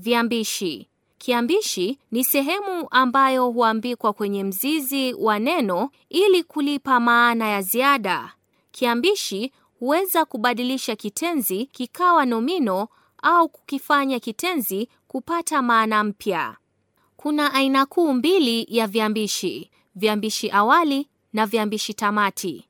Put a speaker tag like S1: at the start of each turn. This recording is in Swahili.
S1: Viambishi. Kiambishi ni sehemu ambayo huambikwa kwenye mzizi wa neno ili kulipa maana ya ziada. Kiambishi huweza kubadilisha kitenzi kikawa nomino au kukifanya kitenzi kupata maana mpya. Kuna aina kuu mbili ya viambishi: viambishi awali na viambishi tamati.